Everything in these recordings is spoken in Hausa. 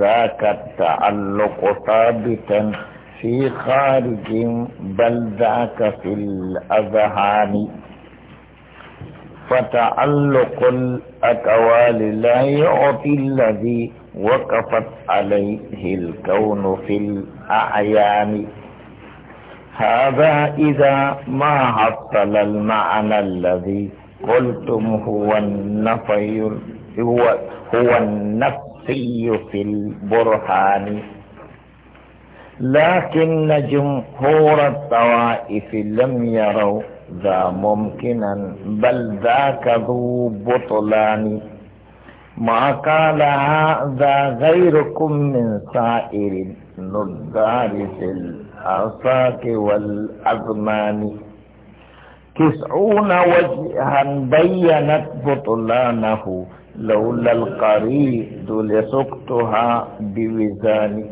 ذاك التعلق ثابتا في خارج بل ذاك في الأذهان فتعلق الاكوال لا يعطي الذي وقفت عليه الكون في الأعيان هذا إذا ما حصل المعنى الذي قلتم هو النفي هو, هو النفي القطي في البرهان لكن جمهور الطوائف لم يروا ذا ممكنا بل ذاك ذو بطلان ما قال هذا غيركم من سائر النذار في الأرصاك والأزمان تسعون وجها بينت بطلانه لولا القريد لسقتها بوزاني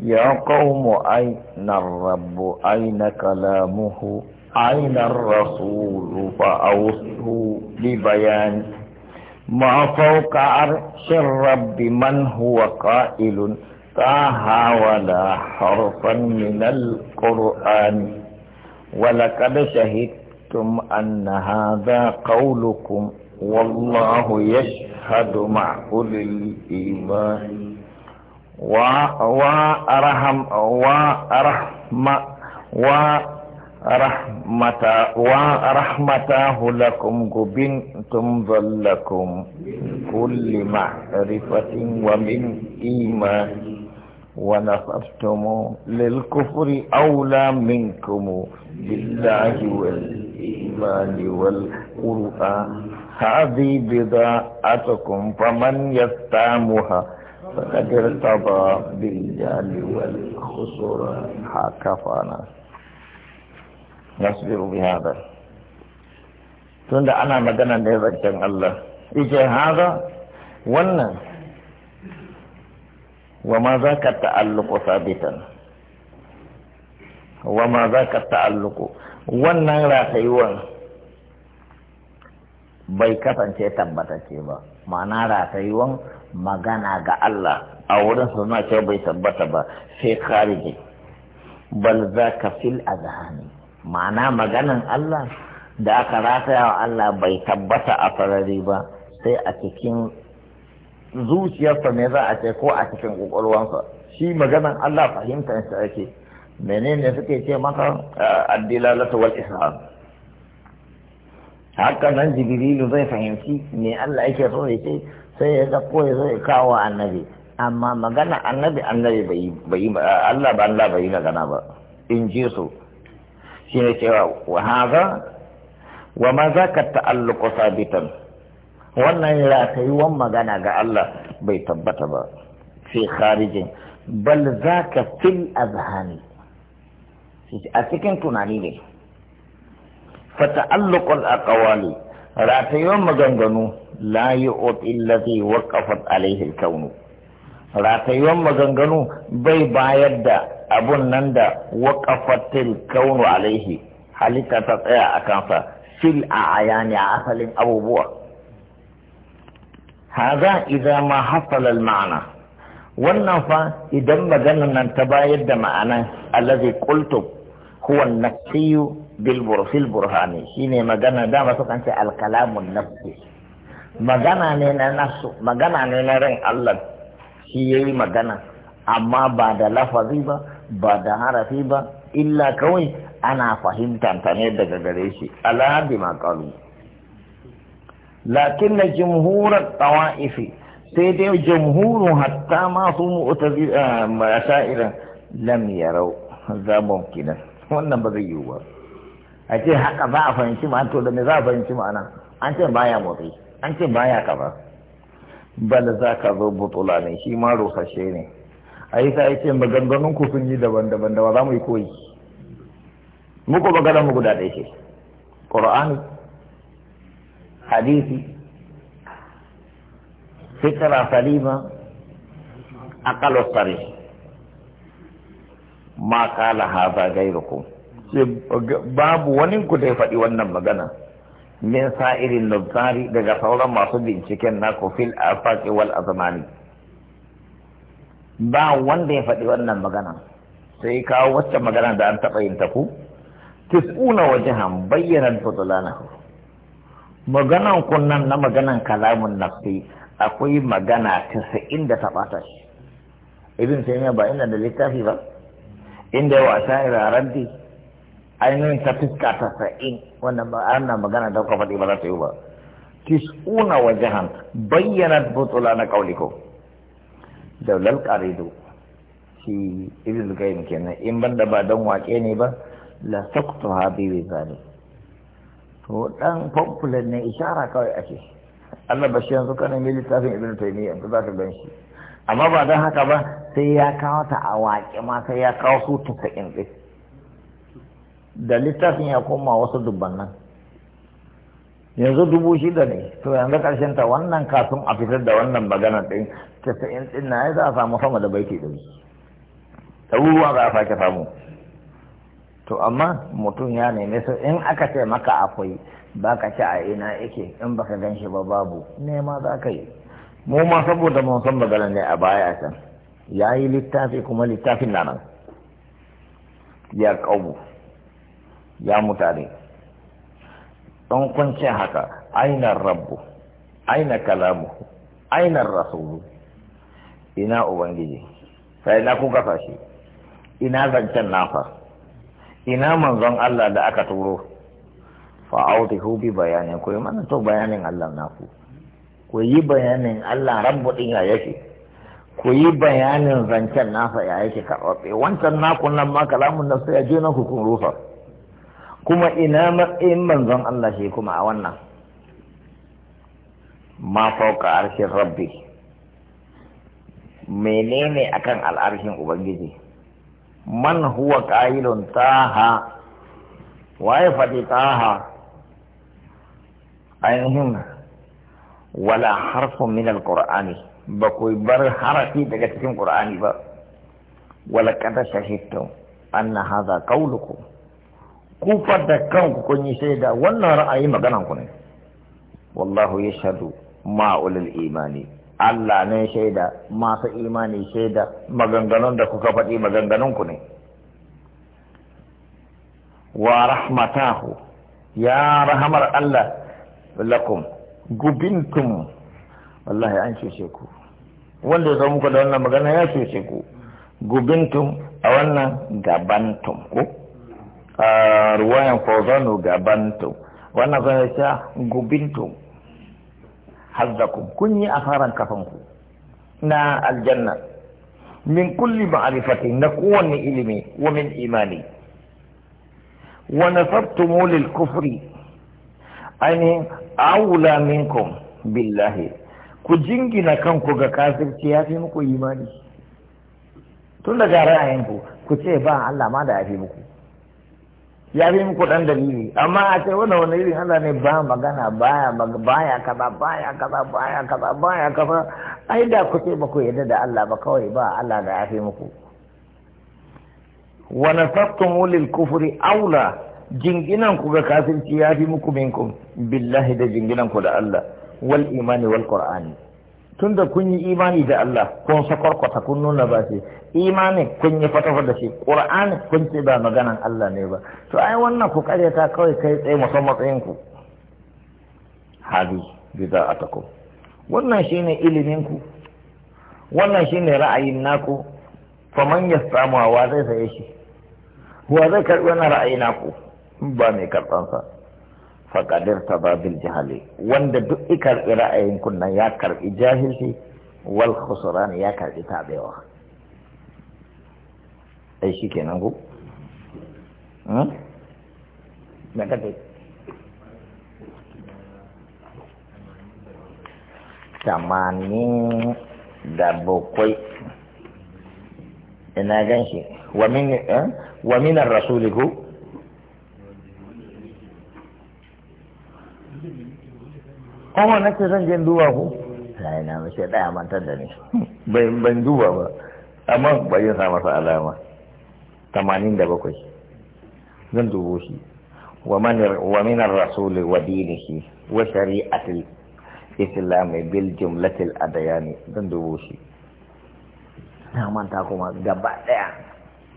يا قوم أين الرب أين كلامه أين الرسول فأوصه ببيان ما فوق عرش الرب من هو قائل طه ولا حرفا من القرآن ولقد شهدت شهدتم أن هذا قولكم والله يشهد مع أولي الإيمان وأرحم وأرحم ورحمة ورحمته لكم قبنتم ظلكم كل معرفة ومن إيمان ونصرتم للكفر أولى منكم بالله والإيمان الجلال والقرآن هذه بضاعتكم فمن يستعمها فقد ارتضى بالجال والخسر كفانا نصبر بهذا تند أنا مدنا نذكر الله إجي هذا ولا وما ذاك التعلق ثابتا وما ذاك التعلق wannan ratayuwar bai kasance tabbatacce ba ma'ana ratayuwan magana ga Allah a wurin suna ce bai tabbata ba sai kharije bal za ka fil azhani ma'ana maganan Allah da aka rataya wa Allah bai tabbata a farari ba sai a cikin zuciyarsa ne za a ce ko a cikin ƙwaƙwalwansa shi maganan Allah fahimtar shi ake menene suke ce masa ah, addilalatu wal ishaq haka nan jibrilu zai fahimci me Allah yake so ya ce sai ya ko ya zai kawo annabi amma magana annabi annabi bai bai Allah ba Allah bai magana ba in ji su ne cewa wa hadha wa ma za ka ta'alluqu sabitan wannan wan magana ga Allah bai tabbata ba fi kharijin bal ka fil azhani a cikin tunani ne فتعلق الأقوال رات يوم مغنغنو لا يؤتي الذي وقفت عليه الكون رات يوم مغنغنو بي بايد دا أبن نندا وقفت الكون عليه حالتا تطيع أكانسا في الأعيان عسل أبو بوا هذا إذا ما حصل المعنى wannan fa idan maganar nan ta bayar da ma'anan allazi qultu huwa nafsiyu bil burfil burhani shine magana da masu kan ce al kalamun nafsi magana ne na nafsu magana ne na ran Allah shi yayi magana amma ba da lafazi ba ba da harafi ba illa kawai ana fahimtar ta ne daga gare shi ala bima qalu lakin na jumhurar tawa'ifi sai dai jumhurun hatta ma su mu'tazila mashaira lam yarau zabon kidan wannan ba zai yiwu ba a ce haka za a fahimci ma to da me za a fahimci ma'ana an ce baya motsi an ce baya kaza bal za ka zo butula ne shi ma rusashe ne a yi sa ce maganganun ku sun yi daban-daban da ba za mu yi koyi muku magana mu guda ɗaya ce ƙur'ani hadisi fikra salima aqalu sarih ma kala haza gairukum babu wani ku da faɗi wannan magana min sa'irin nubtari daga sauran masu binciken na fil afaqi wal azmani ba wanda ya faɗi wannan magana sai kawo wacce magana da an taɓa yin taku tis'una wajahan bayyana fudulanahu maganan kunnan na maganan kalamun nafsi akwai magana tasa'in da ta ɓata shi ibn taymiya ba ina da littafi ba inda yawa a rabbi ainihin ta fuska ta sa'in wannan ba na magana da kuka faɗi ba za ta yi ba tis'una wajahan bayyana butula na kauliko daular ƙarido shi ibn qayyim kenan in ban da ba don wake ne ba la saqtu ba ne. to dan popular ne ishara kawai ake Allah bashi yanzu kana mai littafin ibn taymiyyah da ta gan shi amma ba don haka ba sai ya kawo ta a waƙe ma sai ya kawo su tasa'in ɗin da littafin ya koma wasu dubban nan yanzu dubu shida ne to yanzu ƙarshen ta wannan kafin a fitar da wannan magana ɗin tasa'in ɗin na ya za a samu sama da baiti ɗari ɗaruruwa za a sake samu to amma mutum ya nemi su in aka ce maka akwai ba ci a ina yake in baka gan shi ba babu nema za ka yi mu ma saboda mun san magana ne a baya can ya yi littafi kuma littafin na nan ya kawo ya mutane don kwanciyar haka aina rabbu aina kalamu aina rasulu ina ubangiji sai na kuka fashi ina zancen nafa ina manzon Allah da aka turo fa'autihu bi bayanin ku mana to bayanin Allah naku ku yi bayanin Allah rabbu din ya yake ku yi bayanin zancen nasa ya yake karɓaɓɓe wancan naku nan ma kalamun na sai je na kun rufa kuma ina matsayin manzon Allah shi kuma a wannan ma fauka arshin rabbi menene akan al'arshin ubangiji man huwa qailun taha waye faɗi taha ainihin wala harfun min alqur'ani ba ku bar harafi daga cikin qur'ani ba wala kada shahidtum anna hadha qawlukum ku da kanku kun yi shaida wannan ra'ayi maganan ku ne wallahu yashhadu ma ulul imani Allah ne shaida masu imani shaida maganganun da kuka faɗi maganganun ku ne wa rahmatahu ya rahamar Allah lakum gubintum wallahi an cece ku wanda ya zo muku da wannan magana ya cece ku gubintum a wannan gabantum ko a ruwayan fauzanu gabantum wannan kuma ya gubintum hazzakum kun yi asaran kafanku na aljanna min kulli ma'rifati na kowanne ilimi wa min imani wa nasabtumu lil kufri ainihin awula minkum billahi ku jingina kanku ga kafirci ya fi muku imani tun daga ra'ayinku ku ce ba Allah ma da ya fi muku ya fi muku dan dalili amma a ce wannan wani irin Allah ne ba magana baya baya kaza baya kaza baya kaza baya kaza ai da ku ce ba ku yadda da Allah ba kawai ba Allah da ya fi muku wa nasabtum lil kufri aula jinginan ku ga kafirci ya fi muku minkum billahi da jinginan ku da Allah wal imani wal qur'ani tunda kun yi imani da Allah kun sakwarkwata kun nuna ba shi imani kun yi fatafa da shi qur'ani kun ce ba maganan Allah ne ba to ai wannan ku karyata kawai kai tsaye musamman tsayin ku hadi tako. wannan shine ilimin ku wannan shine ra'ayin naku faman yasamu wa zai saye shi wa zai karɓi wannan ra'ayin naku ba mai karɓansa faƙadar ta babil jihali wanda duk i ra'ayin kunnan ya karɓi jahilci wal khusran ya karɓi tabewa ai shi kenan ku na hmm? kace tamanin da bakwai ina gan shi wa min eh? ar ku kuma na ce zan je duba ku sai na mace daya mantar da ni ban duba ba amma bai yin sa alama tamanin da bakwai zan dubo shi wa min ar-rasul wa dinihi wa shari'ati islam bil jumlatil adyan zan dubo shi na manta kuma gaba daya